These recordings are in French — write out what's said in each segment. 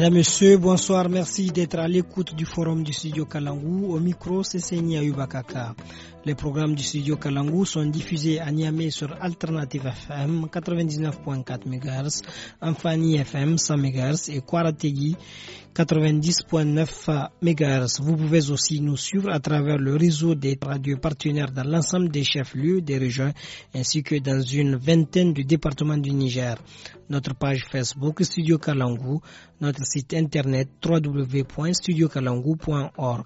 Mesdames, Messieurs, bonsoir. Merci d'être à l'écoute du forum du studio Kalangou. Au micro, c'est Seigny Yubakaka. Les programmes du studio Kalangu sont diffusés à Niamey sur Alternative FM 99.4 MHz, Amphani FM 100 MHz et Kwarategi 90.9 MHz. Vous pouvez aussi nous suivre à travers le réseau des radios partenaires dans l'ensemble des chefs-lieux des régions ainsi que dans une vingtaine du département du Niger. Notre page Facebook Studio Kalangu, notre site internet www.studiokalangu.org.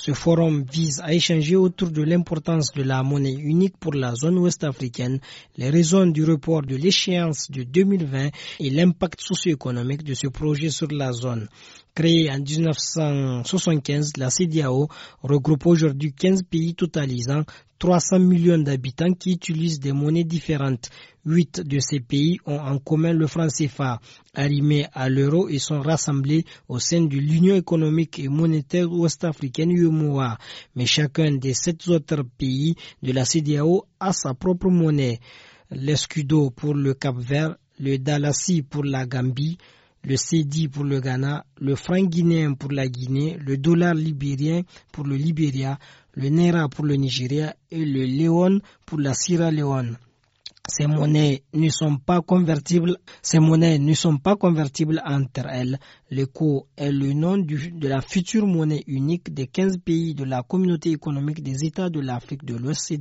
Ce forum vise à échanger autour de l'importance de la monnaie unique pour la zone ouest africaine, les raisons du report de l'échéance de 2020 et l'impact socio-économique de ce projet sur la zone. Créée en 1975, la CDAO regroupe aujourd'hui 15 pays totalisant 300 millions d'habitants qui utilisent des monnaies différentes. Huit de ces pays ont en commun le franc CFA. Arrimés à l'euro, et sont rassemblés au sein de l'Union économique et monétaire ouest-africaine UMOA. Mais chacun des sept autres pays de la CDAO a sa propre monnaie. L'escudo pour le Cap-Vert, le Dalassi pour la Gambie, le CEDI pour le Ghana, le franc guinéen pour la Guinée, le dollar libérien pour le Libéria, le Naira pour le Nigeria et le Leone pour la Sierra Leone ces monnaies ne sont pas convertibles, ces monnaies ne sont pas convertibles entre elles. L'ECO est le nom de la future monnaie unique des 15 pays de la communauté économique des États de l'Afrique de l'Ouest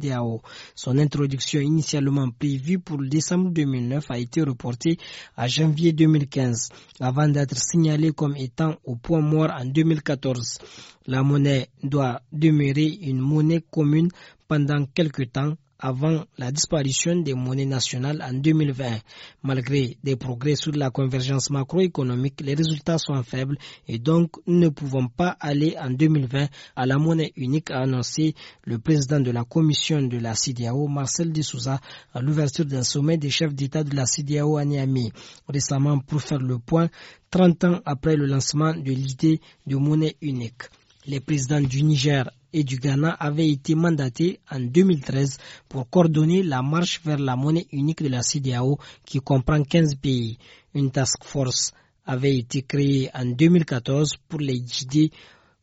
Son introduction initialement prévue pour décembre 2009 a été reportée à janvier 2015 avant d'être signalée comme étant au point mort en 2014. La monnaie doit demeurer une monnaie commune pendant quelques temps avant la disparition des monnaies nationales en 2020. Malgré des progrès sur la convergence macroéconomique, les résultats sont faibles et donc nous ne pouvons pas aller en 2020 à la monnaie unique, a annoncé le président de la commission de la CDAO, Marcel Dessouza, à l'ouverture d'un sommet des chefs d'État de la CDAO à Niamey. Récemment, pour faire le point, 30 ans après le lancement de l'idée de monnaie unique. Les présidents du Niger et du Ghana avait été mandaté en 2013 pour coordonner la marche vers la monnaie unique de la CDAO qui comprend 15 pays. Une task force avait été créée en 2014 pour les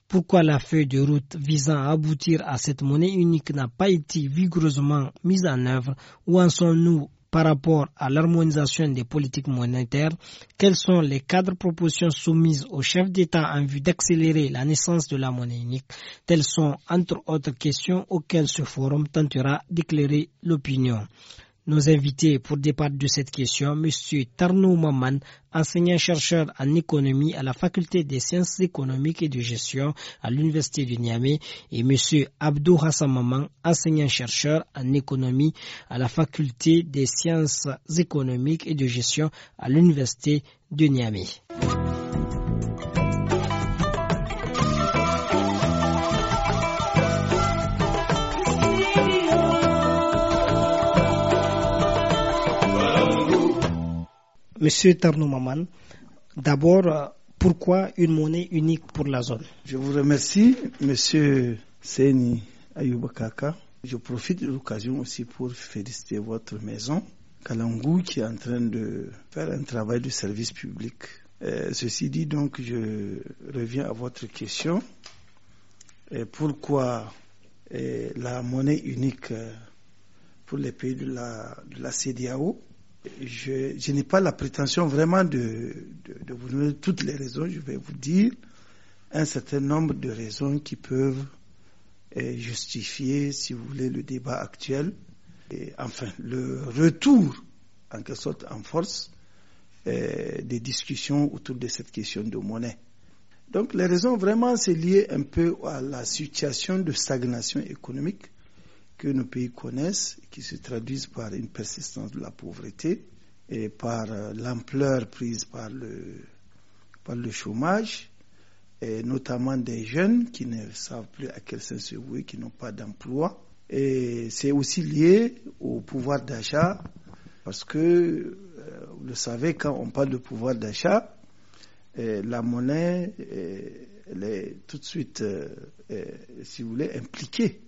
pourquoi la feuille de route visant à aboutir à cette monnaie unique n'a pas été vigoureusement mise en œuvre Où en sommes-nous par rapport à l'harmonisation des politiques monétaires, quels sont les cadres propositions soumises aux chefs d'État en vue d'accélérer la naissance de la monnaie unique Telles sont, entre autres questions, auxquelles ce forum tentera d'éclairer l'opinion. Nos invités pour départ de cette question, M. Tarnou Maman, enseignant-chercheur en économie à la faculté des sciences économiques et de gestion à l'université de Niamey, et M. Abdou Hassan Maman, enseignant-chercheur en économie à la faculté des sciences économiques et de gestion à l'université de Niamey. Monsieur Tarnoumaman, d'abord, euh, pourquoi une monnaie unique pour la zone Je vous remercie, Monsieur Seni Ayoubakaka. Je profite de l'occasion aussi pour féliciter votre maison, Kalangou, qui est en train de faire un travail de service public. Euh, ceci dit, donc, je reviens à votre question. Euh, pourquoi la monnaie unique pour les pays de la, de la CDAO je, n'ai pas la prétention vraiment de, vous donner toutes les raisons. Je vais vous dire un certain nombre de raisons qui peuvent eh, justifier, si vous voulez, le débat actuel. Et enfin, le retour, en quelque sorte, en force eh, des discussions autour de cette question de monnaie. Donc les raisons, vraiment, c'est lié un peu à la situation de stagnation économique que nos pays connaissent, qui se traduisent par une persistance de la pauvreté et par euh, l'ampleur prise par le, par le chômage, et notamment des jeunes qui ne savent plus à quel sens se vouer, qui n'ont pas d'emploi. Et c'est aussi lié au pouvoir d'achat, parce que, euh, vous le savez, quand on parle de pouvoir d'achat, la monnaie, est tout de suite, euh, si vous voulez, impliquée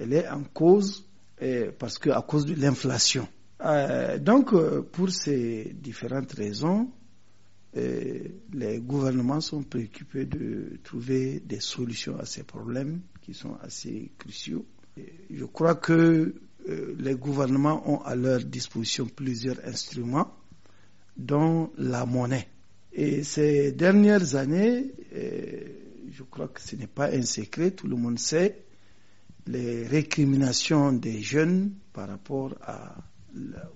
elle est en cause euh, parce que à cause de l'inflation. Euh, donc, euh, pour ces différentes raisons, les gouvernements sont préoccupés de trouver des solutions à ces problèmes qui sont assez cruciaux. je crois que les gouvernements ont à leur disposition plusieurs instruments, dont la monnaie. Et ces dernières années, je crois que ce n'est pas un secret, tout le monde sait les récriminations des jeunes par rapport à,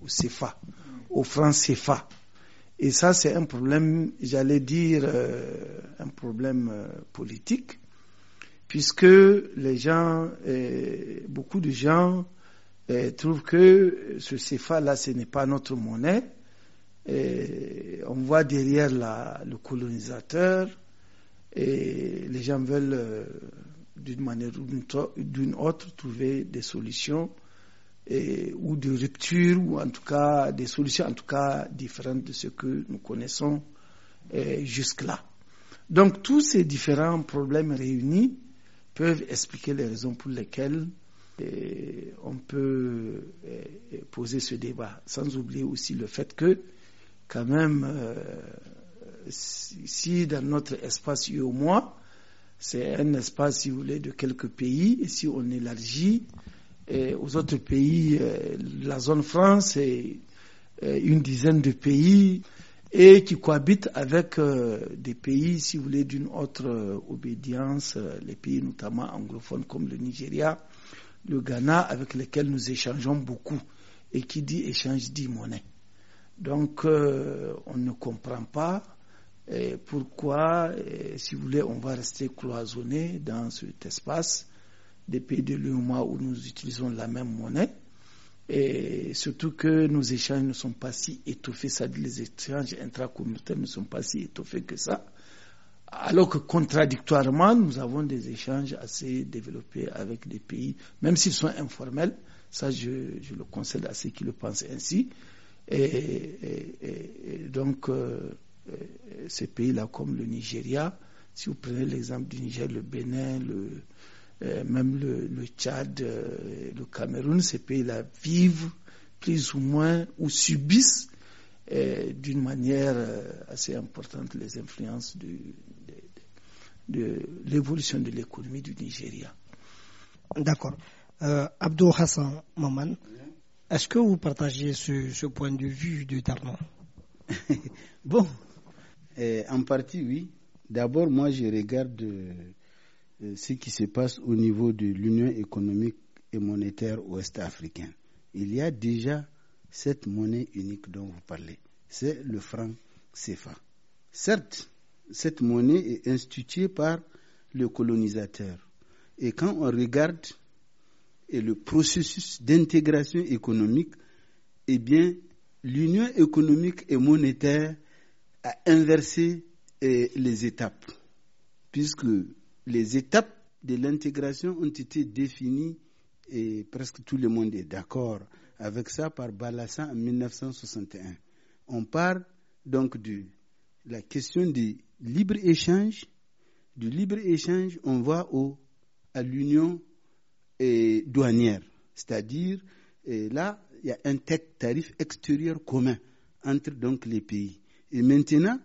au CFA, au franc CFA. Et ça, c'est un problème, j'allais dire, euh, un problème euh, politique, puisque les gens, euh, beaucoup de gens trouvent que ce CFA-là, ce n'est pas notre monnaie. on voit derrière la, le colonisateur et les gens veulent d'une manière ou d'une autre, trouver des solutions ou de rupture, ou en tout cas des solutions en tout cas différentes de ce que nous connaissons jusque-là. Donc tous ces différents problèmes réunis peuvent expliquer les raisons pour lesquelles on peut poser ce débat, sans oublier aussi le fait que, quand même, euh, si dans notre espace au moins c'est un espace, si vous voulez, de quelques pays. Et si on élargit et euh, aux autres pays, euh, la zone France c'est euh, une dizaine de pays et qui cohabitent avec des pays, si vous voulez, d'une autre obédience, les pays notamment anglophones comme le Nigeria, le Ghana, avec lesquels nous échangeons beaucoup. Et qui dit échange dit monnaie. Donc, on ne comprend pas pourquoi, si vous voulez, on va rester cloisonné dans cet espace des pays de l'UMA où nous utilisons la même monnaie et surtout que nos échanges ne sont pas si étoffés, ça à les échanges intracommunautaires ne sont pas si étoffés que ça, alors que contradictoirement, nous avons des échanges assez développés avec des pays, même s'ils sont informels, ça je, je le conseille à ceux qui le pensent ainsi. Et, donc, euh, euh, ces pays-là comme le Nigeria, si vous prenez l'exemple du Niger, le Bénin, le, euh, même le, Tchad, euh, le Cameroun, ces pays-là vivent plus ou moins ou subissent d'une manière assez importante les influences de, l'évolution de, l'économie du Nigeria. D'accord. Abdou Hassan Maman, est-ce que vous partagez ce, point de vue de Darman Bon, en partie, oui. D'abord, moi, je regarde euh, ce qui se passe au niveau de l'Union économique et monétaire ouest-africaine. Il y a déjà cette monnaie unique dont vous parlez. C'est le franc CFA. Certes, cette monnaie est instituée par le colonisateur. Et quand on regarde le processus d'intégration économique, eh bien, l'union économique et monétaire à inverser euh, les étapes, puisque les étapes de l'intégration ont été définies et presque tout le monde est d'accord avec ça par Balassa en 1961. On parle donc de la question du libre-échange. Du libre-échange, on va au, à l'union douanière, c'est-à-dire là, il y a un tarif extérieur commun entre donc les pays. Et maintenant,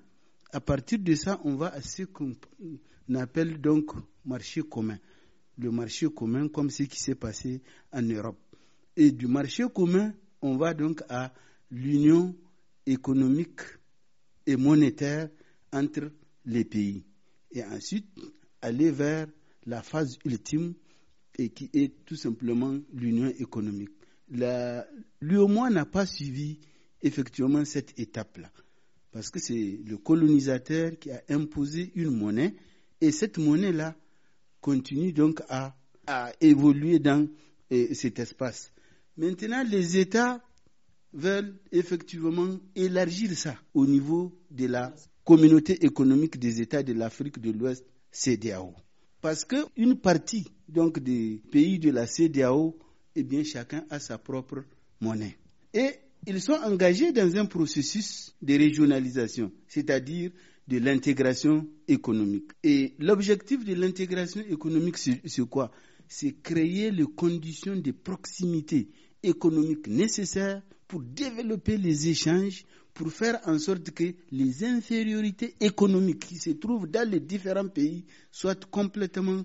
à partir de ça, on va à ce qu'on appelle donc marché commun. Le marché commun, comme ce qui s'est passé en Europe. Et du marché commun, on va donc à l'union économique et monétaire entre les pays. Et ensuite, aller vers la phase ultime et qui est tout simplement l'union économique. moins n'a pas suivi effectivement cette étape-là. Parce que c'est le colonisateur qui a imposé une monnaie et cette monnaie-là continue donc à, évoluer dans eh, cet espace. Maintenant, les États veulent effectivement élargir ça au niveau de la communauté économique des États de l'Afrique de l'Ouest, CDAO. Parce qu'une partie donc, des pays de la CDAO, eh bien, chacun a sa propre monnaie. Et ils sont engagés dans un processus de régionalisation, c'est-à-dire de l'intégration économique. Et l'objectif de l'intégration économique, c'est quoi C'est créer les conditions de proximité économique nécessaires pour développer les échanges, pour faire en sorte que les infériorités économiques qui se trouvent dans les différents pays soient complètement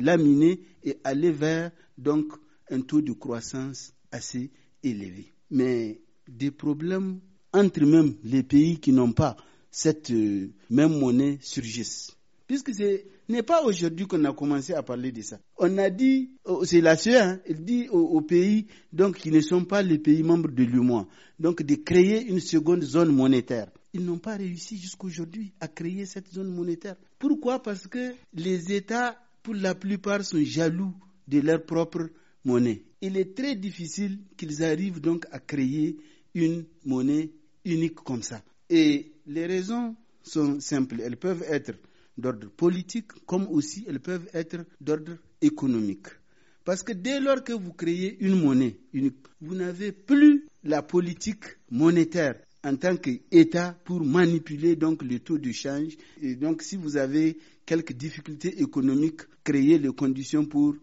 laminées et aller vers donc un taux de croissance assez élevé. Mais des problèmes entre même les pays qui n'ont pas cette euh, même monnaie surgissent. Puisque ce n'est pas aujourd'hui qu'on a commencé à parler de ça. On a dit, euh, c'est la seule, hein, il dit aux, pays donc, qui ne sont pas les pays membres de l'UMOA, donc de créer une seconde zone monétaire. Ils n'ont pas réussi jusqu'aujourd'hui à créer cette zone monétaire. Pourquoi Parce que les États, pour la plupart, sont jaloux de leur propre monnaie. Il est très difficile qu'ils arrivent donc à créer une monnaie unique comme ça. Et les raisons sont simples. Elles peuvent être d'ordre politique comme aussi elles peuvent être d'ordre économique. Parce que dès lors que vous créez une monnaie unique, vous n'avez plus la politique monétaire en tant qu'État pour manipuler donc le taux de change. Et donc si vous avez quelques difficultés économiques, créez les conditions pour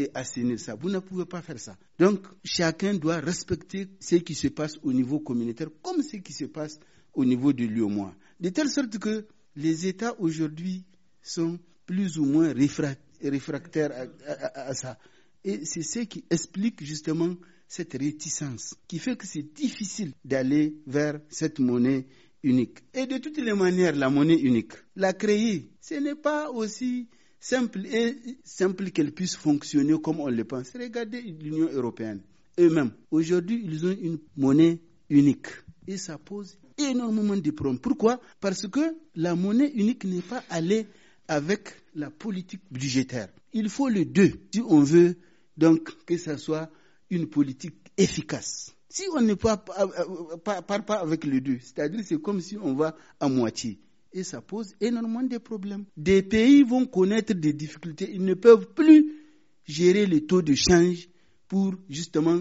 et assainir ça. Vous ne pouvez pas faire ça. Donc, chacun doit respecter ce qui se passe au niveau communautaire comme ce qui se passe au niveau de moins. De telle sorte que les États aujourd'hui sont plus ou moins réfractaires à ça. Et c'est ce qui explique justement cette réticence qui fait que c'est difficile d'aller vers cette monnaie unique. Et de toutes les manières, la monnaie unique, la créer, ce n'est pas aussi simple et simple qu'elle puisse fonctionner comme on le pense. Regardez l'Union européenne eux-mêmes. Aujourd'hui, ils ont une monnaie unique et ça pose énormément de problèmes. Pourquoi Parce que la monnaie unique n'est pas allée avec la politique budgétaire. Il faut les deux si on veut donc que ça soit une politique efficace. Si on ne part euh, euh, pas, avec les deux, c'est-à-dire c'est comme si on va à moitié. Et ça pose énormément de problèmes. Des pays vont connaître des difficultés. Ils ne peuvent plus gérer les taux de change pour justement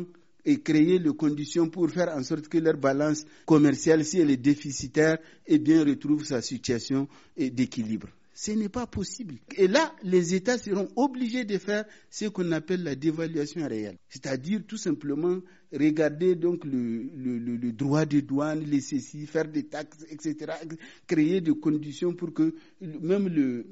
créer les conditions pour faire en sorte que leur balance commerciale, si elle est déficitaire, eh bien, retrouve sa situation d'équilibre. Ce n'est pas possible. Et là, les États seront obligés de faire ce qu'on appelle la dévaluation réelle, c'est-à-dire tout simplement regarder donc le, droit de douane, les ceci, faire des taxes, etc., créer des conditions pour que même le,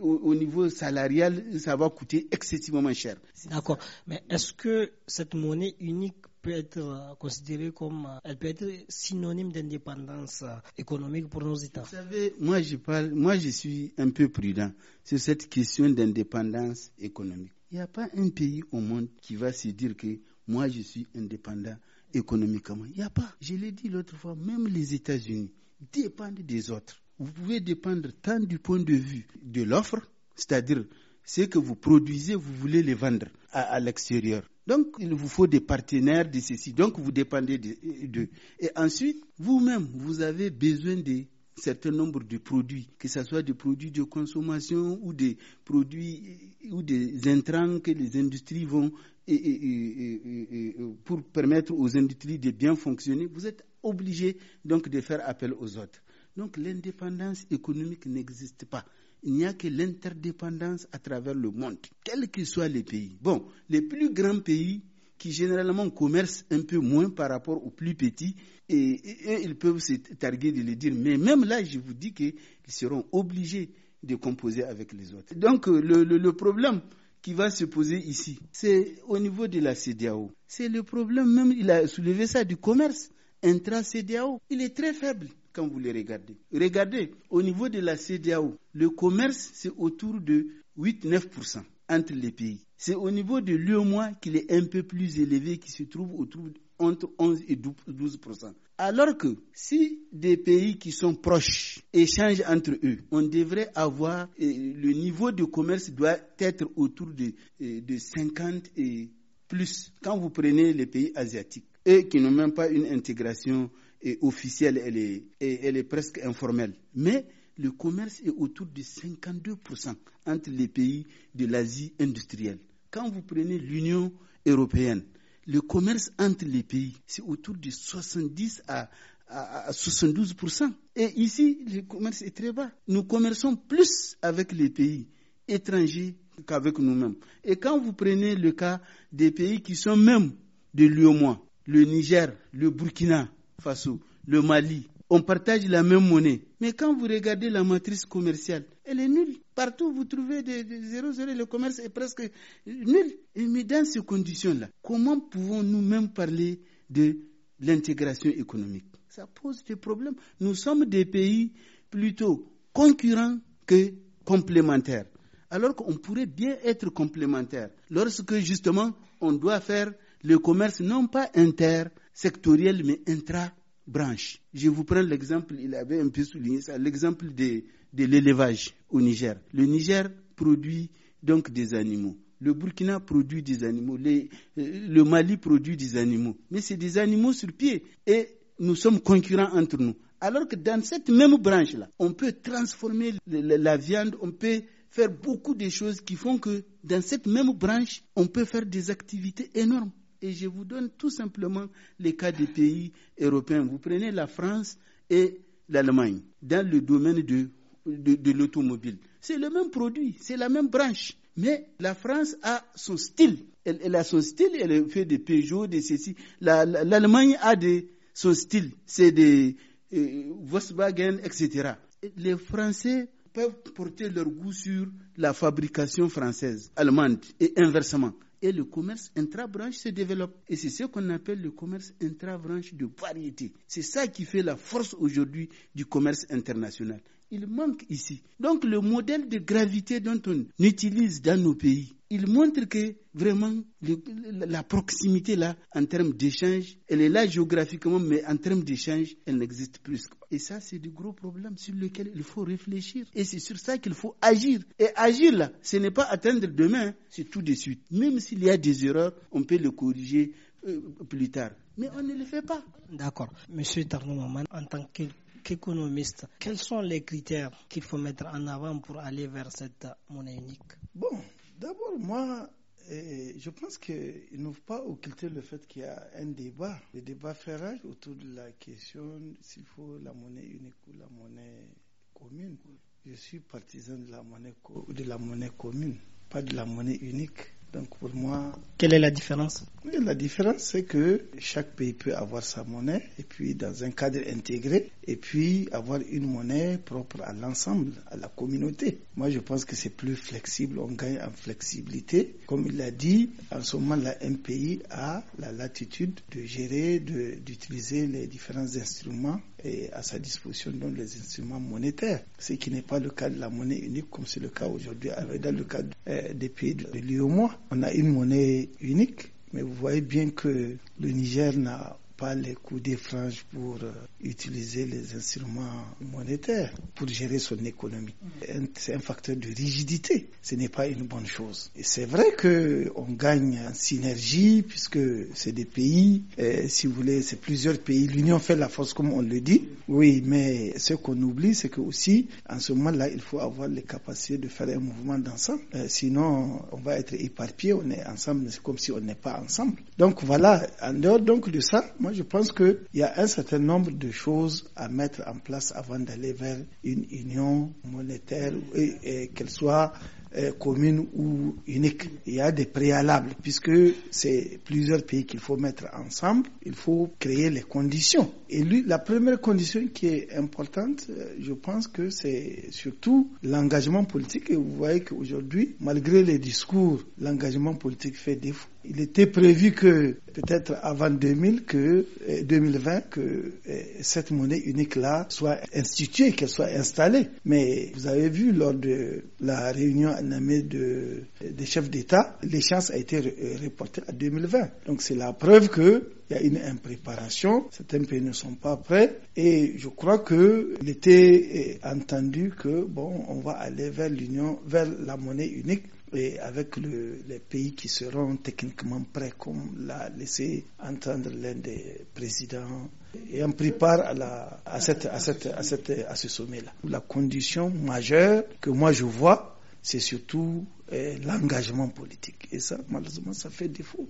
au, niveau salarial, ça va coûter excessivement cher. D'accord. Mais est-ce que cette monnaie unique peut être euh, considérée comme, euh, elle peut être synonyme d'indépendance euh, économique pour nos États. Vous savez, moi je parle, moi je suis un peu prudent sur cette question d'indépendance économique. Il n'y a pas un pays au monde qui va se dire que moi je suis indépendant économiquement. Il n'y a pas. Je l'ai dit l'autre fois, même les États-Unis dépendent des autres. Vous pouvez dépendre tant du point de vue de l'offre, c'est-à-dire ce que vous produisez, vous voulez les vendre à l'extérieur. Donc, il vous faut des partenaires de ceci. Donc, vous dépendez d'eux. Et ensuite, vous-même, vous avez besoin de certain nombre de produits, que ce soit des produits de consommation ou des produits ou des intrants que les industries vont pour permettre aux industries de bien fonctionner, vous êtes obligé donc de faire appel aux autres. Donc l'indépendance économique n'existe pas il n'y a que l'interdépendance à travers le monde, quels que soient les pays. Bon, les plus grands pays qui généralement commercent un peu moins par rapport aux plus petits, et, ils peuvent se targuer de le dire. Mais même là, je vous dis qu'ils seront obligés de composer avec les autres. Donc euh, le, problème qui va se poser ici, c'est au niveau de la CDAO. C'est le problème même, il a soulevé ça du commerce intra-CDAO. Il est très faible quand vous les regardez. Regardez, au niveau de la CDAO, le commerce, c'est autour de 8-9% entre les pays. C'est au niveau de l'UEMOA qu'il est un peu plus élevé, qui se trouve autour entre 11 et 12 Alors que si des pays qui sont proches échangent entre eux, on devrait avoir le niveau de commerce doit être autour de, de 50 et plus. Quand vous prenez les pays asiatiques, eux qui n'ont même pas une intégration est officielle, elle est, elle est presque informelle. Mais le commerce est autour de 52% entre les pays de l'Asie industrielle. Quand vous prenez l'Union européenne, le commerce entre les pays, c'est autour de 70 à, à, 72%. Et ici, le commerce est très bas. Nous commerçons plus avec les pays étrangers qu'avec nous-mêmes. Et quand vous prenez le cas des pays qui sont même de l'Uomo, le Niger, le Burkina, Faso, le Mali, on partage la même monnaie. Mais quand vous regardez la matrice commerciale, elle est nulle. Partout, vous trouvez des, zéros, le commerce est presque nul. mais dans ces conditions-là, comment pouvons-nous même parler de l'intégration économique Ça pose des problèmes. Nous sommes des pays plutôt concurrents que complémentaires. Alors qu'on pourrait bien être complémentaires lorsque justement on doit faire le commerce non pas inter, sectorielle mais intra-branche. Je vous prends l'exemple, il avait un peu souligné ça, l'exemple de, de l'élevage au Niger. Le Niger produit donc des animaux. Le Burkina produit des animaux, euh, le Mali produit des animaux, mais c'est des animaux sur pied et nous sommes concurrents entre nous. Alors que dans cette même branche-là, on peut transformer la viande, on peut faire beaucoup de choses qui font que dans cette même branche, on peut faire des activités énormes et je vous donne tout simplement les cas des pays européens. Vous prenez la France et l'Allemagne dans le domaine de, de, l'automobile. C'est le même produit, c'est la même branche. Mais la France a son style. Elle, a son style, elle fait des Peugeot, des ceci. L'Allemagne a des, son style, c'est des euh, Volkswagen, etc. Les Français peuvent porter leur goût sur la fabrication française, allemande, et inversement et le commerce intra-branche se développe. Et c'est ce qu'on appelle le commerce intra-branche de variété. C'est ça qui fait la force aujourd'hui du commerce international il manque ici. Donc le modèle de gravité dont on utilise dans nos pays, il montre que vraiment la proximité là, en termes d'échange, elle est là géographiquement, mais en termes d'échange, elle n'existe plus. Et ça, c'est du gros problème sur lequel il faut réfléchir. Et c'est sur ça qu'il faut agir. Et agir là, ce n'est pas attendre demain, hein, c'est tout de suite. Même s'il y a des erreurs, on peut les corriger euh, plus tard. Mais on ne le fait pas. D'accord. Monsieur Tarnou en tant que économiste. quels sont les critères qu'il faut mettre en avant pour aller vers cette monnaie unique Bon, d'abord, moi, euh, je pense qu'il ne faut pas occulter le fait qu'il y a un débat, le débat fait autour de la question s'il faut la monnaie unique ou la monnaie commune. Je suis partisan de la monnaie, de la monnaie commune, pas de la monnaie unique pour moi. Quelle est la différence La différence, c'est que chaque pays peut avoir sa monnaie, et puis dans un cadre intégré, et puis avoir une monnaie propre à l'ensemble, à la communauté. Moi, je pense que c'est plus flexible, on gagne en flexibilité. Comme il l'a dit, en ce moment, un pays a la latitude de gérer, d'utiliser les différents instruments et à sa disposition dans les instruments monétaires, ce qui n'est pas le cas de la monnaie unique comme c'est le cas aujourd'hui. Dans le cas euh, des pays de l'UEMOA, on a une monnaie unique, mais vous voyez bien que le Niger n'a pas les coups des franges pour euh, utiliser les instruments monétaires pour gérer son économie. C'est un facteur de rigidité. Ce n'est pas une bonne chose. Et c'est vrai que on gagne en synergie puisque c'est des pays, euh, si vous voulez, c'est plusieurs pays. L'Union fait la force comme on le dit. Oui, mais ce qu'on oublie, c'est que aussi, en ce moment-là, il faut avoir les capacités de faire un mouvement d'ensemble. Euh, sinon, on va être éparpillé. On est ensemble, c'est comme si on n'est pas ensemble. Donc voilà. En dehors donc de ça, moi, je pense qu'il y a un certain nombre de choses à mettre en place avant d'aller vers une union monétaire et, qu'elle soit euh, commune ou unique. Il y a des préalables puisque c'est plusieurs pays qu'il faut mettre ensemble. Il faut créer les conditions. Et lui, la première condition qui est importante, euh, je pense que c'est surtout l'engagement politique. Et vous voyez qu'aujourd'hui, malgré les discours, l'engagement politique fait défaut. Il était prévu que, peut-être avant 2000, que, 2020, euh, que euh, cette monnaie unique-là soit instituée, qu'elle soit installée. Mais vous avez vu, lors de la réunion animée de, des chefs d'État, l'échéance a été euh, reportée à 2020. Donc c'est la preuve que il y a une impréparation, certains pays ne sont pas prêts et je crois qu'il était entendu que bon, on va aller vers l'union, vers la monnaie unique avec les pays qui seront techniquement prêts, comme l'a laissé entendre l'un des présidents, et on prépare à, à, ce sommet-là. La condition majeure que moi je vois, c'est surtout eh, l'engagement politique. Et ça, malheureusement, ça fait défaut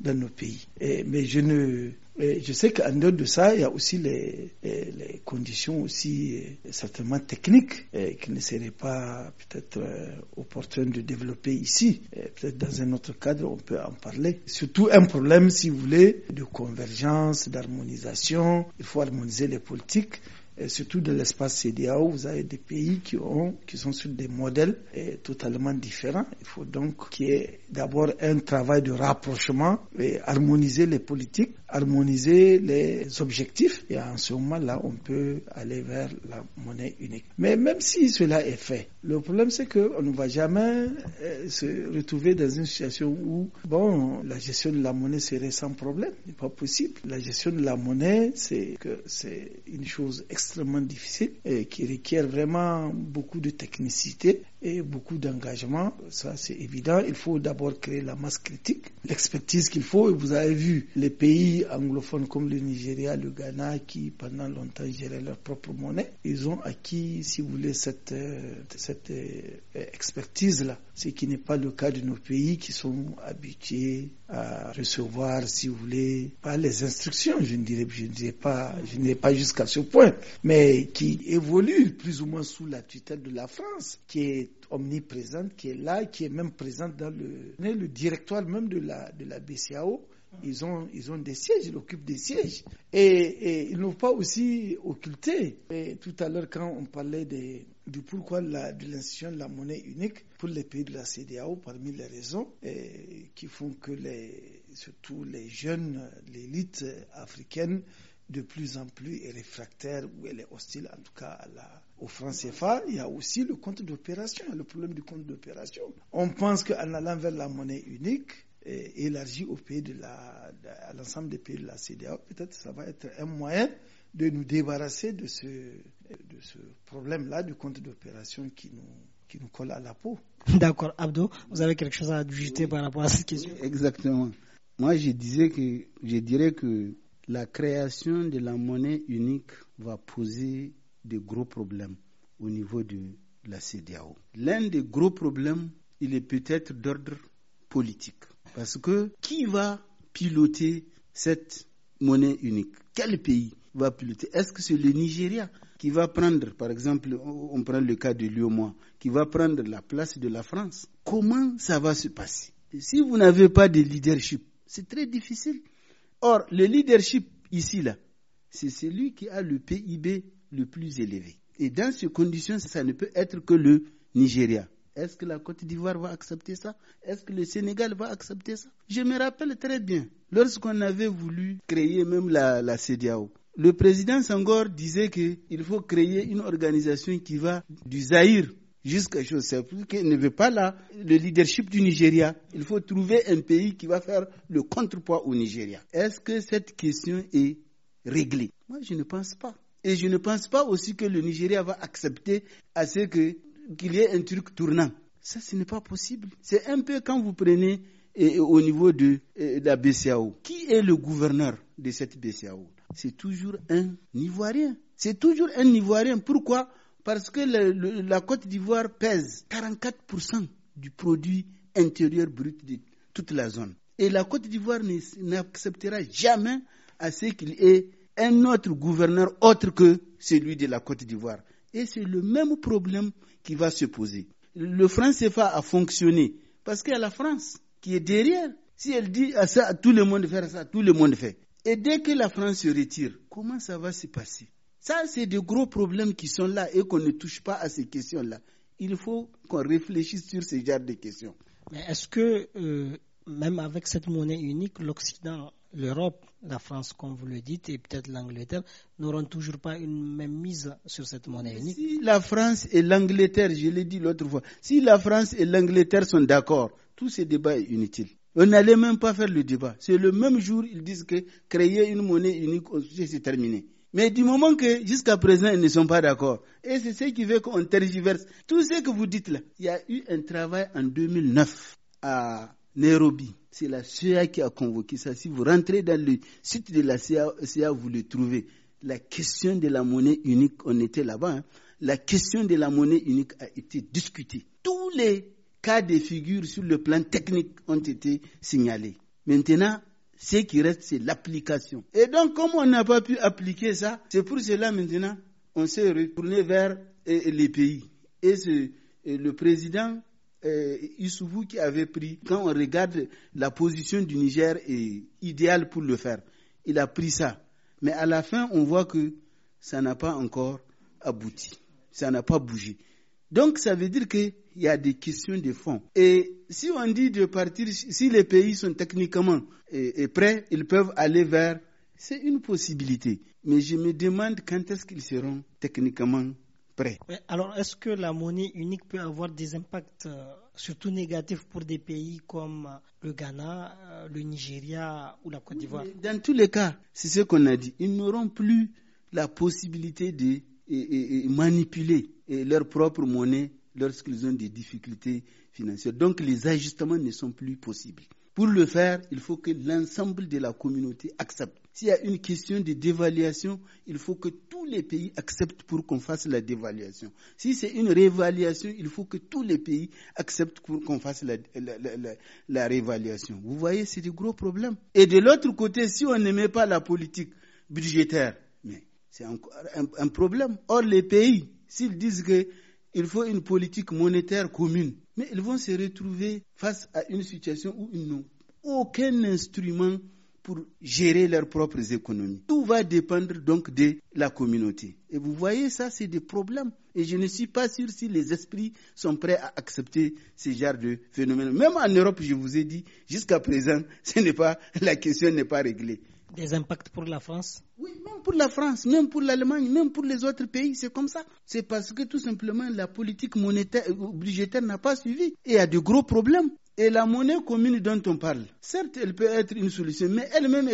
dans nos pays. mais je ne je sais qu'en dehors de ça, il y a aussi les, les conditions aussi certainement techniques qui ne seraient pas peut-être euh, opportunes de développer ici. Peut-être dans un autre cadre, on peut en parler. Surtout un problème, si vous voulez, de convergence, d'harmonisation. Il faut harmoniser les politiques surtout de l'espace CDAO, vous avez des pays qui, ont, qui sont sur des modèles eh, totalement différents. Il faut donc qu'il y ait d'abord un travail de rapprochement et harmoniser les politiques, harmoniser les objectifs. Et en ce moment-là, on peut aller vers la monnaie unique. Mais même si cela est fait, le problème c'est qu'on ne va jamais eh, se retrouver dans une situation où, bon, la gestion de la monnaie serait sans problème. Ce n'est pas possible. La gestion de la monnaie, c'est que c'est une chose extrêmement extrêmement difficile et qui requiert vraiment beaucoup de technicité et beaucoup d'engagement, ça c'est évident. Il faut d'abord créer la masse critique, l'expertise qu'il faut. Et vous avez vu les pays anglophones comme le Nigeria, le Ghana, qui pendant longtemps géraient leur propre monnaie, ils ont acquis, si vous voulez, cette, euh, cette euh, expertise-là. Ce qui n'est pas le cas de nos pays qui sont habitués à recevoir, si vous voulez, pas les instructions, je ne dirais, je ne dirais pas, je n'ai pas jusqu'à ce point, mais qui évoluent plus ou moins sous la tutelle de la France, qui est omniprésente, qui est là, qui est même présente dans le, le directoire même de la, de la BCAO. Ils ont, ils ont des sièges, ils occupent des sièges. Et, et ils n'ont pas aussi occulté. Et tout à l'heure, quand on parlait des, du pourquoi de l'institution de la monnaie unique pour les pays de la CDAO, parmi les raisons qui font que les, surtout les jeunes, l'élite africaine, de plus en plus est réfractaire ou elle est hostile en tout cas à la, au franc CFA, il y a aussi le compte d'opération, le problème du compte d'opération. On pense qu'en allant vers la monnaie unique, élargie au pays de la, à l'ensemble des pays de la Cda peut-être ça va être un moyen de nous débarrasser de ce, de ce problème-là du compte d'opération qui nous, qui nous colle à la peau. D'accord, Abdo, vous avez quelque chose à ajouter par rapport à cette question Exactement. Moi, je, disais que, je dirais que la création de la monnaie unique va poser des gros problèmes au niveau de la CDAO. L'un des gros problèmes, il est peut-être d'ordre politique. Parce que qui va piloter cette monnaie unique Quel pays va piloter Est-ce que c'est le Nigeria qui va prendre, par exemple, on prend le cas de Lyon, qui va prendre la place de la France Comment ça va se passer Si vous n'avez pas de leadership, c'est très difficile. Or, le leadership ici, là, c'est celui qui a le PIB le plus élevé. Et dans ces conditions, ça ne peut être que le Nigeria. Est-ce que la Côte d'Ivoire va accepter ça Est-ce que le Sénégal va accepter ça Je me rappelle très bien, lorsqu'on avait voulu créer même la, la CDAO, le président Sangor disait qu'il faut créer une organisation qui va du Zaïre jusqu'à Joseph, qui ne veut pas là le leadership du Nigeria. Il faut trouver un pays qui va faire le contrepoids au Nigeria. Est-ce que cette question est réglée Moi, je ne pense pas. Et je ne pense pas aussi que le Nigeria va accepter à ce que qu'il y ait un truc tournant. Ça, ce n'est pas possible. C'est un peu quand vous prenez au niveau de, la BCAO. Qui est le gouverneur de cette BCAO C'est toujours un Ivoirien. C'est toujours un Ivoirien. Pourquoi Parce que la Côte d'Ivoire pèse 44% du produit intérieur brut de toute la zone. Et la Côte d'Ivoire n'acceptera jamais à ce qu'il ait un autre gouverneur autre que celui de la Côte d'Ivoire. Et c'est le même problème qui va se poser. Le franc CFA a fonctionné parce qu'il y a la France qui est derrière. Si elle dit à ça, tout le monde faire ça, tout le monde fait. Et dès que la France se retire, comment ça va se passer Ça, c'est des gros problèmes qui sont là et qu'on ne touche pas à ces questions-là. Il faut qu'on réfléchisse sur ces genres de questions. Mais est-ce que, euh, même avec cette monnaie unique, l'Occident l'Europe, la France, comme vous le dites, et peut-être l'Angleterre, n'auront toujours pas une même mise sur cette monnaie unique. Si la France et l'Angleterre, je l'ai dit l'autre fois, si la France et l'Angleterre sont d'accord, tout ce débat est inutile. On n'allait même pas faire le débat. C'est le même jour, ils disent que créer une monnaie unique, oh, c'est terminé. Mais du moment que jusqu'à présent, ils ne sont pas d'accord, et c'est ce qui veut qu'on tergiverse. Tout ce que vous dites là, il y a eu un travail en 2009 à Nairobi. C'est la CIA qui a convoqué ça. Si vous rentrez dans le site de la CIA, vous le trouvez. La question de la monnaie unique, on était là-bas, hein. la question de la monnaie unique a été discutée. Tous les cas de figure sur le plan technique ont été signalés. Maintenant, ce qui reste, c'est l'application. Et donc, comme on n'a pas pu appliquer ça, c'est pour cela maintenant, on s'est retourné vers eh, les pays. et eh, le président euh, Issoufou qui avait pris, quand on regarde la position du Niger est idéale pour le faire. Il a pris ça. Mais à la fin, on voit que ça n'a pas encore abouti. Ça n'a pas bougé. Donc, ça veut dire qu'il y a des questions de fond. Et si on dit de partir, si les pays sont techniquement euh, prêts, ils peuvent aller vers. C'est une possibilité. Mais je me demande quand est-ce qu'ils seront techniquement alors, est-ce que la monnaie unique peut avoir des impacts euh, surtout négatifs pour des pays comme euh, le Ghana, euh, le Nigeria ou la Côte d'Ivoire Dans tous les cas, c'est ce qu'on a dit. Ils n'auront plus la possibilité de manipuler leur propre monnaie lorsqu'ils ont des difficultés financières. Donc les ajustements ne sont plus possibles. Pour le faire, il faut que l'ensemble de la communauté accepte. S'il y a une question de dévaluation, il faut que tous les pays acceptent pour qu'on fasse la dévaluation. Si c'est une révaluation, il faut que tous les pays acceptent pour qu'on fasse la, révaluation. Vous voyez, c'est un gros problème. Et de l'autre côté, si on n'aimait pas la politique budgétaire, c'est encore un, un problème. Or, les pays, s'ils disent qu'il faut une politique monétaire commune, mais ils vont se retrouver face à une situation où ils n'ont aucun instrument pour gérer leurs propres économies. Tout va dépendre donc de la communauté. Et vous voyez, ça, c'est des problèmes. Et je ne suis pas sûr si les esprits sont prêts à accepter ce genre de phénomène. Même en Europe, je vous ai dit, jusqu'à présent, ce n'est pas, la question n'est pas réglée des impacts pour la France Oui, même pour la France, même pour l'Allemagne, même pour les autres pays, c'est comme ça. C'est parce que tout simplement la politique monétaire euh, budgétaire n'a pas suivi et il y a de gros problèmes. Et la monnaie commune dont on parle, certes, elle peut être une solution, mais elle-même,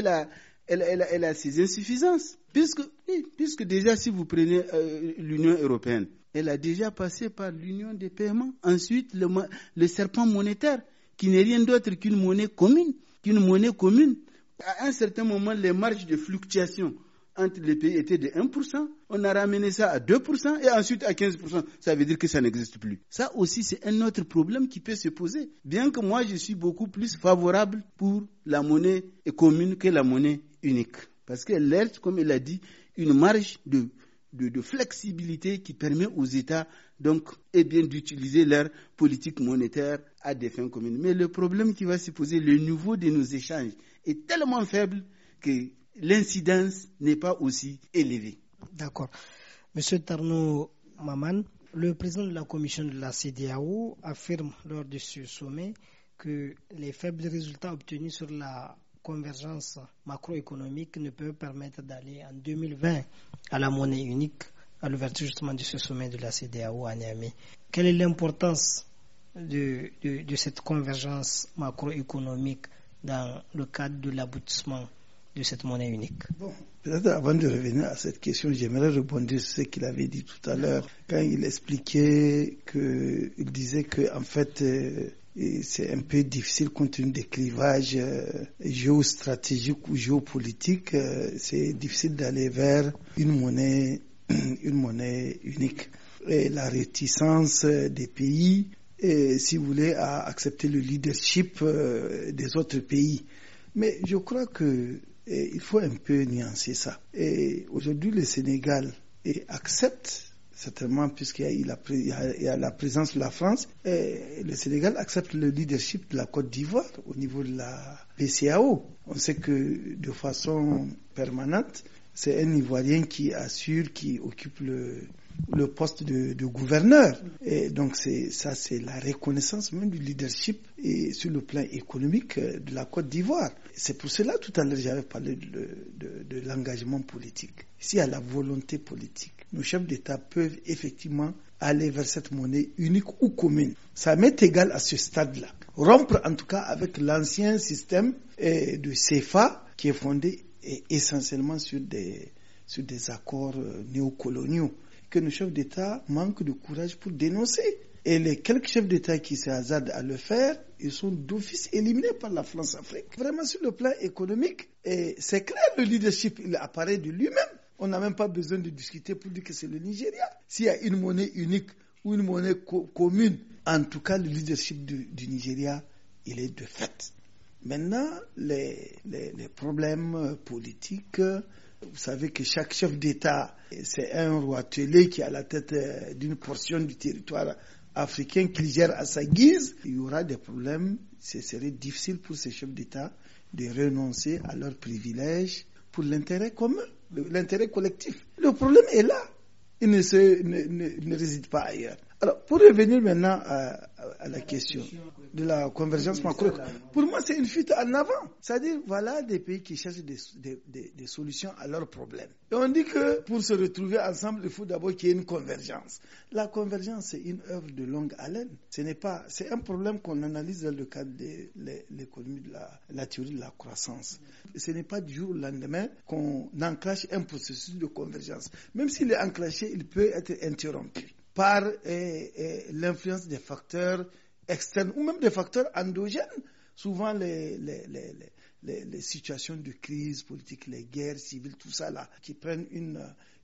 elle a, ses insuffisances. Puisque, puisque déjà, si vous prenez euh, l'Union européenne, elle a déjà passé par l'union des paiements, ensuite le, le serpent monétaire, qui n'est rien d'autre qu'une monnaie commune, qu'une monnaie commune à un certain moment, les marges de fluctuation entre les pays étaient de 1%. On a ramené ça à 2% et ensuite à 15%. Ça veut dire que ça n'existe plus. Ça aussi, c'est un autre problème qui peut se poser. Bien que moi, je suis beaucoup plus favorable pour la monnaie commune que la monnaie unique. Parce qu'elle laisse, comme il a dit, une marge de de, flexibilité qui permet aux États donc eh bien d'utiliser leur politique monétaire à des fins communes. Mais le problème qui va se poser, le niveau de nos échanges, est tellement faible que l'incidence n'est pas aussi élevée. D'accord. Monsieur Tarno Maman, le président de la commission de la CDAO affirme lors de ce sommet que les faibles résultats obtenus sur la convergence macroéconomique ne peuvent permettre d'aller en 2020 à la monnaie unique à l'ouverture justement de ce sommet de la CDAO à Niamey. Quelle est l'importance de, cette convergence macroéconomique dans le cadre de l'aboutissement de cette monnaie unique. Bon, peut-être avant de revenir à cette question, j'aimerais rebondir sur ce qu'il avait dit tout à l'heure quand il expliquait qu'il il disait que en fait euh, c'est un peu difficile compte tenu des clivages euh, géostratégiques ou géopolitiques, euh, c'est difficile d'aller vers une monnaie une monnaie unique. Et la réticence des pays et, si vous voulez, à accepter le leadership euh, des autres pays. Mais je crois que eh, il faut un peu nuancer ça. Et aujourd'hui, le Sénégal eh, accepte certainement puisqu'il y, a la présence de la France, et eh, le Sénégal accepte le leadership de la Côte d'Ivoire au niveau de la PCAO. On sait que de façon permanente, c'est un Ivoirien qui assure, qui occupe le, le poste de, gouverneur. Et donc c'est ça, c'est la reconnaissance même du leadership et sur le plan économique euh, de la Côte d'Ivoire. C'est pour cela tout à l'heure j'avais parlé de, de, l'engagement politique. S'il y a la volonté politique, nos chefs d'État peuvent effectivement aller vers cette monnaie unique ou commune. Ça m'est égal à ce stade-là. Rompre en tout cas avec l'ancien système euh, de CFA qui est fondé essentiellement sur des, sur des accords euh, néocoloniaux que nos chefs d'État manquent de courage pour dénoncer. Et les quelques chefs d'État qui se hasardent à le faire, ils sont d'office éliminés par la France-Afrique. Vraiment, sur le plan économique, c'est clair, le leadership, il apparaît de lui-même. On n'a même pas besoin de discuter pour dire que c'est le Nigeria. S'il y a une monnaie unique ou une monnaie commune, en tout cas, le leadership du, Nigeria, il est de fait. Maintenant, les problèmes politiques, vous savez que chaque chef d'État, c'est un roi télé qui a la tête euh, d'une portion du territoire africain qu'il gère à sa guise. Il y aura des problèmes. Ce serait difficile pour ces chefs d'État de renoncer à leurs privilèges pour l'intérêt commun, l'intérêt collectif. Le problème est là. Il ne, ne réside pas ailleurs. Alors, pour revenir maintenant à, la question de la convergence macroéconomique, pour moi, c'est une fuite en avant. C'est-à-dire, voilà des pays qui cherchent des, solutions à leurs problèmes. Et on dit que pour se retrouver ensemble, il faut d'abord qu'il y ait une convergence. La convergence, c'est une œuvre de longue haleine. Ce n'est pas, c'est un problème qu'on analyse dans le cadre de l'économie de la, la, théorie de la croissance. Ce n'est pas du jour au lendemain qu'on enclenche un processus de convergence. Même s'il est enclenché, il peut être interrompu par eh, eh, l'influence des facteurs externes ou même des facteurs endogènes. Souvent, les, les, les, les, situations de crise politique, les guerres civiles, tout ça là, qui prennent une,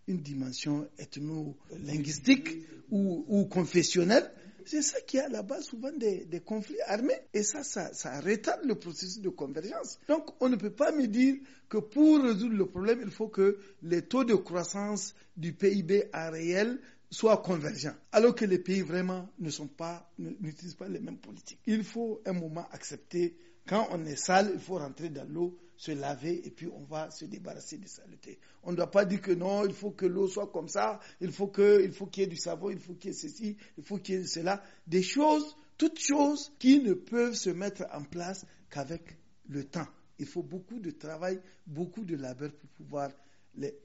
une dimension ethno-linguistique ou, confessionnelle. C'est ça qui a là-bas souvent des, des, conflits armés. Et ça, ça, ça le processus de convergence. Donc, on ne peut pas me dire que pour résoudre le problème, il faut que les taux de croissance du PIB à réel soit convergent, alors que les pays vraiment ne sont pas, n'utilisent pas les mêmes politiques. Il faut un moment accepter, quand on est sale, il faut rentrer dans l'eau, se laver et puis on va se débarrasser de saleté On ne doit pas dire que non, il faut que l'eau soit comme ça, il faut que, il faut qu'il y ait du savon, il faut qu'il y ait ceci, il faut qu'il y ait cela. Des choses, toutes choses qui ne peuvent se mettre en place qu'avec le temps. Il faut beaucoup de travail, beaucoup de labeur pour pouvoir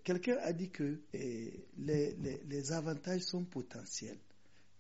Quelqu'un a dit que eh, les, les, avantages sont potentiels,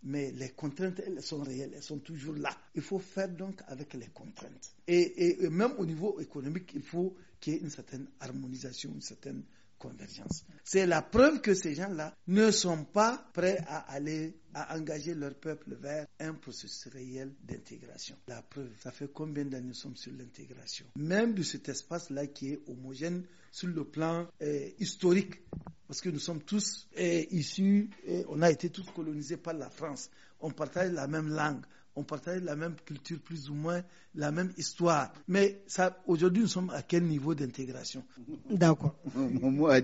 mais les contraintes, elles sont réelles, elles sont toujours là. Il faut faire donc avec les contraintes. Et, et, et même au niveau économique, il faut qu'il y ait une certaine harmonisation, une certaine convergence. C'est la preuve que ces gens-là ne sont pas prêts à aller, à engager leur peuple vers un processus réel d'intégration. La preuve, ça fait combien d'années nous sommes sur l'intégration Même de cet espace-là qui est homogène sur le plan eh, historique, parce que nous sommes tous eh, issus, et eh, on a été tous colonisés par la France, on partage la même langue, on partage la même culture, plus ou moins la même histoire. Mais ça, aujourd'hui, nous sommes à quel niveau d'intégration D'accord. Mon mot à hein.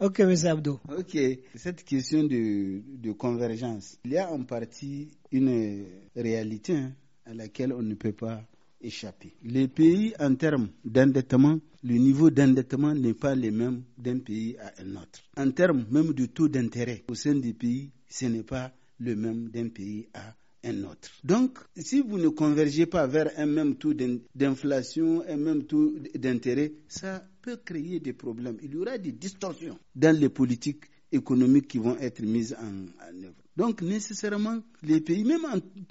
Ok, M. Abdo. Ok. Cette question de, convergence, il y a en partie une réalité hein, à laquelle on ne peut pas échapper. Les pays, en termes d'endettement, le niveau d'endettement n'est pas le même d'un pays à un autre. En termes même du taux d'intérêt au sein des pays, ce n'est pas le même d'un pays à un un autre. Donc, si vous ne convergez pas vers un même taux d'inflation, un même taux d'intérêt, ça peut créer des problèmes. Il y aura des distorsions dans les politiques économiques qui vont être mises en, œuvre. Donc, nécessairement, les pays, même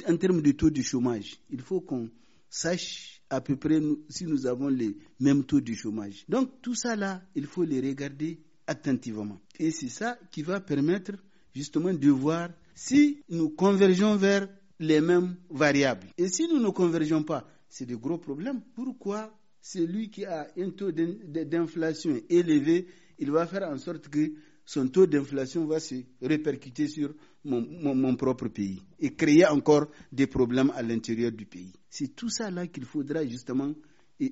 en, termes de taux de chômage, il faut qu'on sache à peu près si nous avons les mêmes taux de chômage. Donc, tout ça là, il faut les regarder attentivement. Et c'est ça qui va permettre justement de voir si nous convergeons vers les mêmes variables. Et si nous ne convergeons pas, c'est de gros problèmes. Pourquoi celui qui a un taux d'inflation élevé, il va faire en sorte que son taux d'inflation va se répercuter sur mon, mon, propre pays et créer encore des problèmes à l'intérieur du pays. C'est tout ça là qu'il faudra justement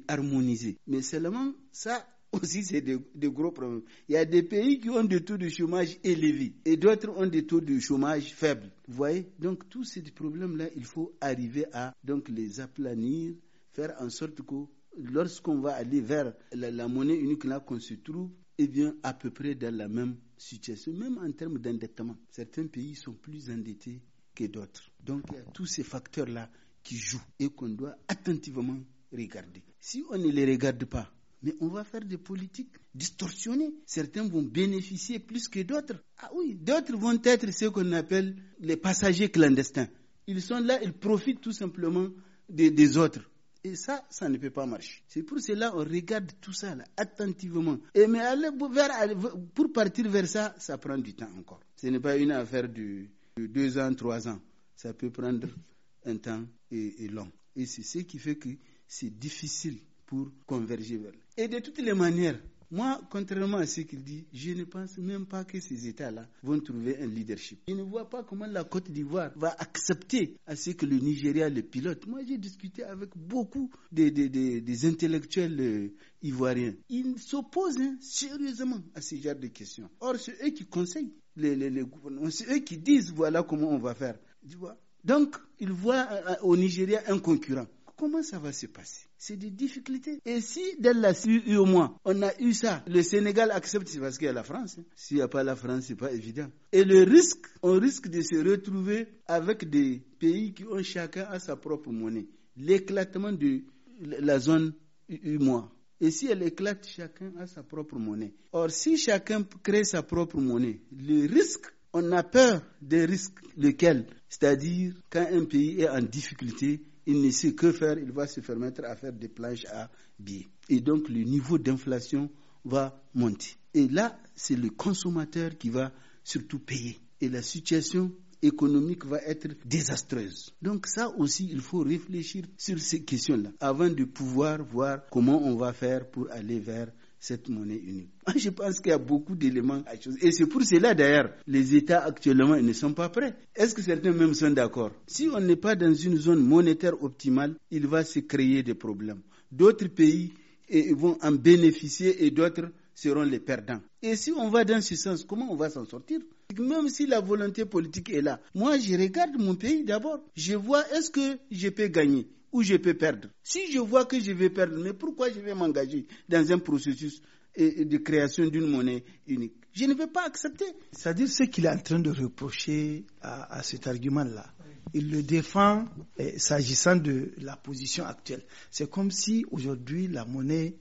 harmoniser. Mais seulement ça, aussi, c'est des gros problèmes. Il y a des pays qui ont des taux de chômage élevés et d'autres ont des taux de chômage faibles. Vous voyez Donc, tous ces problèmes-là, il faut arriver à donc, les aplanir, faire en sorte que lorsqu'on va aller vers la, monnaie unique là qu'on se trouve, eh bien, à peu près dans la même situation, même en termes d'endettement. Certains pays sont plus endettés que d'autres. Donc, il y a tous ces facteurs-là qui jouent et qu'on doit attentivement regarder. Si on ne les regarde pas, mais on va faire des politiques distorsionnées. Certains vont bénéficier plus que d'autres. Ah oui, d'autres vont être ce qu'on appelle les passagers clandestins. Ils sont là, ils profitent tout simplement des, autres. Et ça, ça ne peut pas marcher. C'est pour cela on regarde tout ça là, attentivement. Et mais aller pour partir vers ça, ça prend du temps encore. Ce n'est pas une affaire de, deux ans, trois ans. Ça peut prendre un temps et long. Et c'est ce qui fait que c'est difficile pour converger vers Et de toutes les manières, moi, contrairement à ce qu'il dit, je ne pense même pas que ces États-là vont trouver un leadership. Je ne vois pas comment la Côte d'Ivoire va accepter à ce que le Nigeria le pilote. Moi, j'ai discuté avec beaucoup des, intellectuels euh, ivoiriens. Ils s'opposent hein, sérieusement à ce genre de questions. Or, c'est eux qui conseillent les, les, gouvernements, c'est eux qui disent voilà comment on va faire. Donc, ils voient euh, euh, au Nigeria un concurrent. Comment ça va se passer c'est des difficultés. Et si dès la eu au moins, on a eu ça, le Sénégal accepte, parce qu'il y a la France. Hein. S'il n'y a pas la France, n'est pas évident. Et le risque, on risque de se retrouver avec des pays qui ont chacun à sa propre monnaie. L'éclatement de la zone eu moins. Et si elle éclate, chacun a sa propre monnaie. Or, si chacun crée sa propre monnaie, le risque, on a peur des risques. Lesquels C'est-à-dire, quand un pays est en difficulté, il ne sait que faire, il va se permettre à faire des plages à billets. Et donc le niveau d'inflation va monter. Et là, c'est le consommateur qui va surtout payer. Et la situation économique va être désastreuse. Donc ça aussi, il faut réfléchir sur ces questions-là avant de pouvoir voir comment on va faire pour aller vers cette monnaie unique. je pense qu'il y a beaucoup d'éléments à choses. Et c'est pour cela, d'ailleurs, les États actuellement ne sont pas prêts. Est-ce que certains même sont d'accord Si on n'est pas dans une zone monétaire optimale, il va se créer des problèmes. D'autres pays eh, vont en bénéficier et d'autres seront les perdants. Et si on va dans ce sens, comment on va s'en sortir Même si la volonté politique est là, moi je regarde mon pays d'abord. Je vois est-ce que je peux gagner où je peux perdre. Si je vois que je vais perdre, mais pourquoi je vais m'engager dans un processus euh, euh, de création d'une monnaie unique Je ne vais pas accepter. C'est-à-dire ce qu'il est en train de reprocher à, cet argument-là. Il le défend euh, s'agissant de la position actuelle. C'est comme si aujourd'hui la monnaie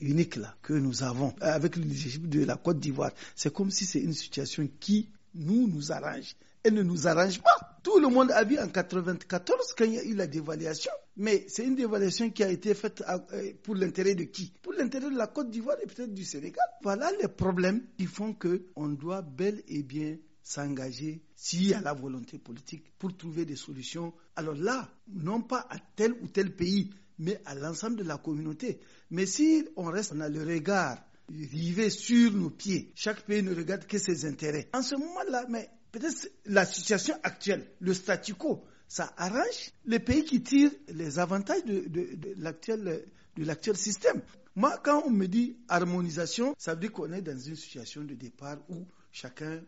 unique là que nous avons avec le de la Côte d'Ivoire, c'est comme si c'est une situation qui nous nous arrange. Elle ne nous arrange pas. Tout le monde a vu en 94 quand il y a eu la dévaluation. Mais c'est une dévaluation qui a été faite euh, pour l'intérêt de qui Pour l'intérêt de la Côte d'Ivoire et peut-être du Sénégal. Voilà les problèmes qui font qu'on doit bel et bien s'engager s'il y a la volonté politique pour trouver des solutions. Alors là, non pas à tel ou tel pays, mais à l'ensemble de la communauté. Mais si on reste, on a le regard rivé sur nos pieds. Chaque pays ne regarde que ses intérêts. En ce moment-là, mais peut-être la situation actuelle, le statu quo, ça arrange les pays qui tirent les avantages de, de l'actuel l'actuel système. Moi, quand on me dit harmonisation, ça veut dire qu'on est dans une situation de départ où chacun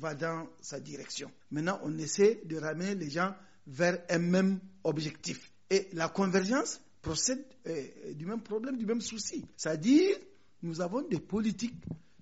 va dans sa direction. Maintenant, on essaie de ramener les gens vers un même objectif. Et la convergence procède euh, du même problème, du même souci. C'est-à-dire, nous avons des politiques,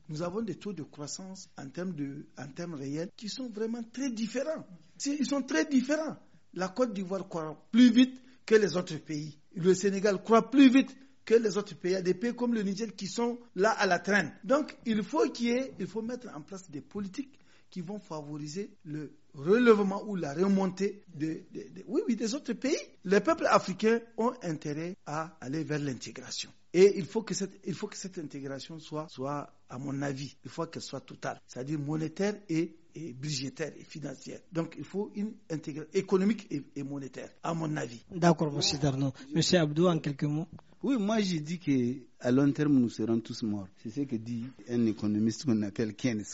nous avons des taux de croissance en termes, de, en termes réels qui sont vraiment très différents ils sont très différents. La Côte d'Ivoire croit plus vite que les autres pays. Le Sénégal croit plus vite que les autres pays. Il y a des pays comme le Niger qui sont là à la traîne. Donc, il faut qu'il faut mettre en place des politiques qui vont favoriser le relevement ou la remontée de, oui, oui, des autres pays. Les peuples africains ont intérêt à aller vers l'intégration. Et il faut que cette, il faut que cette intégration soit, soit, à mon avis, il faut qu'elle soit totale, c'est-à-dire monétaire et et budgétaire et financière. Donc il faut une intégration économique et, monétaire, à mon avis. D'accord, monsieur Darno. Monsieur Abdou, en quelques mots. Oui, moi j'ai dit que à long terme nous serons tous morts. C'est ce que dit un économiste qu'on appelle Keynes.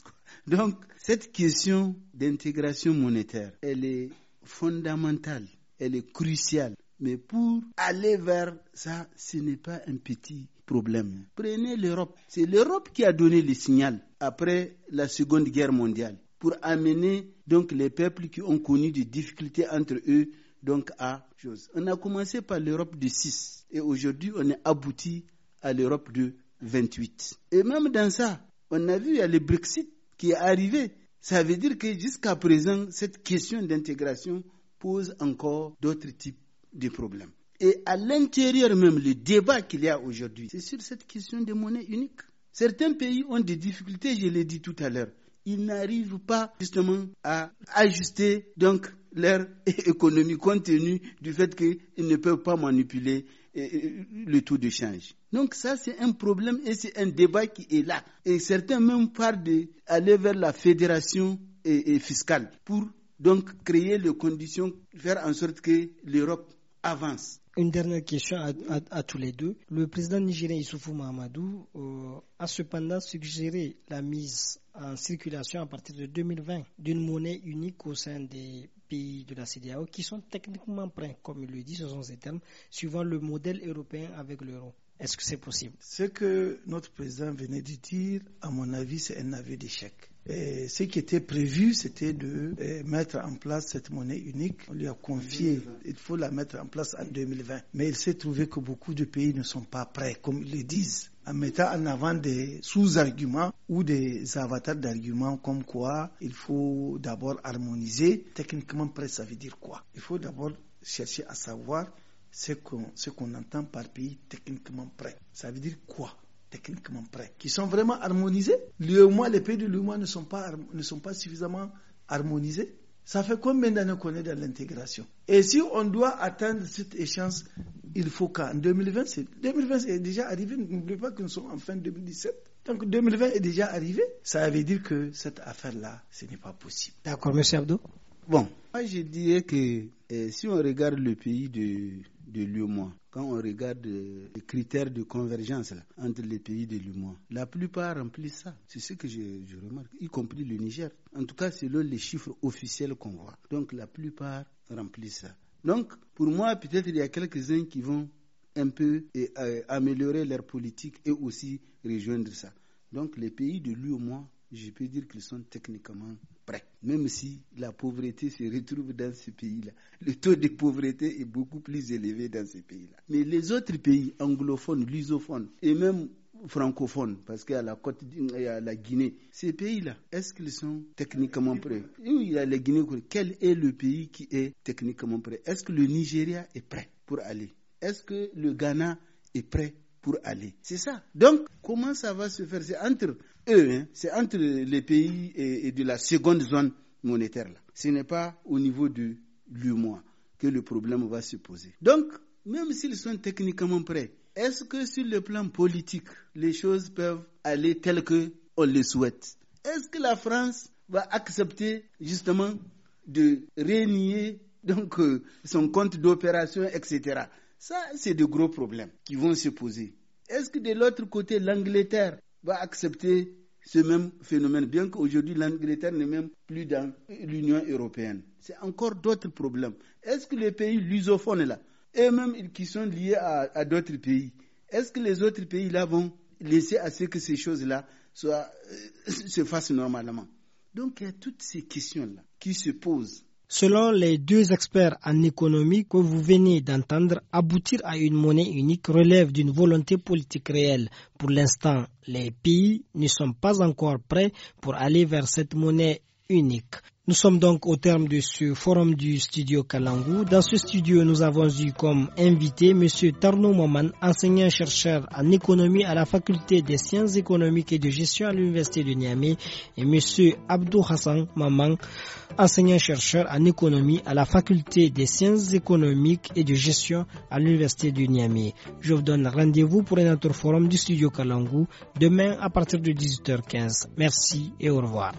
Donc cette question d'intégration monétaire, elle est fondamentale, elle est cruciale. Mais pour aller vers ça, ce n'est pas un petit problème. Prenez l'Europe. C'est l'Europe qui a donné le signal après la Seconde Guerre mondiale pour amener donc les peuples qui ont connu des difficultés entre eux donc à chose. On a commencé par l'Europe de 6 et aujourd'hui on est abouti à l'Europe de 28. Et même dans ça, on a vu le Brexit qui est arrivé. Ça veut dire que jusqu'à présent, cette question d'intégration pose encore d'autres types de problèmes. Et à l'intérieur même, le débat qu'il y a aujourd'hui, c'est sur cette question de monnaie unique. Certains pays ont des difficultés, je l'ai dit tout à l'heure ils n'arrivent pas justement à ajuster donc leur économie compte tenu du fait qu'ils ne peuvent pas manipuler euh, euh, le taux de change. Donc ça, c'est un problème et c'est un débat qui est là. Et certains même parlent d'aller vers la fédération euh, fiscale pour donc créer les conditions, faire en sorte que l'Europe avance. Une dernière question à, tous les deux. Le président nigérien Issoufou Mahamadou euh, a cependant suggéré la mise en circulation à partir de 2020 d'une monnaie unique au sein des pays de la CDAO qui sont techniquement prêts, comme il le dit, ce sont ces termes, suivant le modèle européen avec l'euro. Est-ce que c'est possible Ce que notre président venait de dire, à mon avis, c'est un avis d'échec. ce qui était prévu, c'était de eh, mettre en place cette monnaie unique. On lui a confié, il faut la mettre en place en 2020. Mais il s'est trouvé que beaucoup de pays ne sont pas prêts, comme ils le disent, en mettant en avant des sous-arguments ou des avatars d'arguments comme quoi il faut d'abord harmoniser. Techniquement prêt, ça veut dire quoi Il faut d'abord chercher à savoir ce qu'on entend par pays techniquement prêt. Ça veut dire quoi techniquement prêt Qui sont vraiment harmonisés les pays de moi ne, sont pas, ne sont pas suffisamment harmonisés ça fait combien d'années qu'on est dans l'intégration Et si on doit atteindre cette échéance, il faut qu'en 2020, 2020 est déjà arrivé, n'oubliez pas que nous sommes en fin 2017. Donc 2020 est déjà arrivé. Ça veut dire que cette affaire-là, ce n'est pas possible. D'accord, M. Abdo Bon, moi je dirais que eh, si on regarde le pays de de l'UEMOA, quand on regarde euh, les critères de convergence entre les pays de l'UEMOA, la plupart remplissent ça. C'est ce que je, remarque, y compris le Niger. En tout cas, selon les chiffres officiels qu'on voit. Donc, la plupart remplissent ça. Donc, pour moi, peut-être il y a quelques-uns qui vont un peu euh, améliorer leur politique et aussi rejoindre ça. Donc, les pays de l'UEMOA, je peux dire qu'ils sont techniquement Prêt. Même si la pauvreté se retrouve dans ce pays-là, le taux de pauvreté est beaucoup plus élevé dans ce pays-là. Mais les autres pays anglophones, lusophones et même francophones, parce qu'à la côte, la Guinée, ces pays-là, est-ce qu'ils sont techniquement prêts Oui, a la Guinée, quel est le pays qui est techniquement prêt Est-ce que le Nigeria est prêt pour aller Est-ce que le Ghana est prêt pour aller. C'est ça. Donc, comment ça va se faire C'est entre Hein, c'est entre les pays et, de la seconde zone monétaire. Là. Ce n'est pas au niveau de l'UMOA que le problème va se poser. Donc, même s'ils sont techniquement prêts, est-ce que sur le plan politique, les choses peuvent aller telles que on le souhaite Est-ce que la France va accepter justement de renier donc euh, son compte d'opération, etc. Ça, c'est de gros problèmes qui vont se poser. Est-ce que de l'autre côté, l'Angleterre va accepter ce même phénomène, bien qu'aujourd'hui l'Angleterre n'est même plus dans l'Union européenne. C'est encore d'autres problèmes. Est-ce que les pays lusophones là, mêmes même qui sont liés à, d'autres pays, est-ce que les autres pays là vont laisser à ce que ces choses-là euh, se fassent normalement Donc il y a toutes ces questions-là qui se posent selon les deux experts en économie que vous venez d'entendre, aboutir à une monnaie unique relève d'une volonté politique réelle. Pour l'instant, les pays ne sont pas encore prêts pour aller vers cette monnaie nous sommes donc au terme de ce forum du studio Kalangou. Dans ce studio, nous avons eu comme invité M. Tarno Moman, enseignant-chercheur en économie à la faculté des sciences économiques et de gestion à l'université de Niamey et M. Abdou Hassan Maman, enseignant-chercheur en économie à la faculté des sciences économiques et de gestion à l'université de Niamey. Je vous donne rendez-vous pour un autre forum du studio Kalangou demain à partir de 18h15. Merci et au revoir.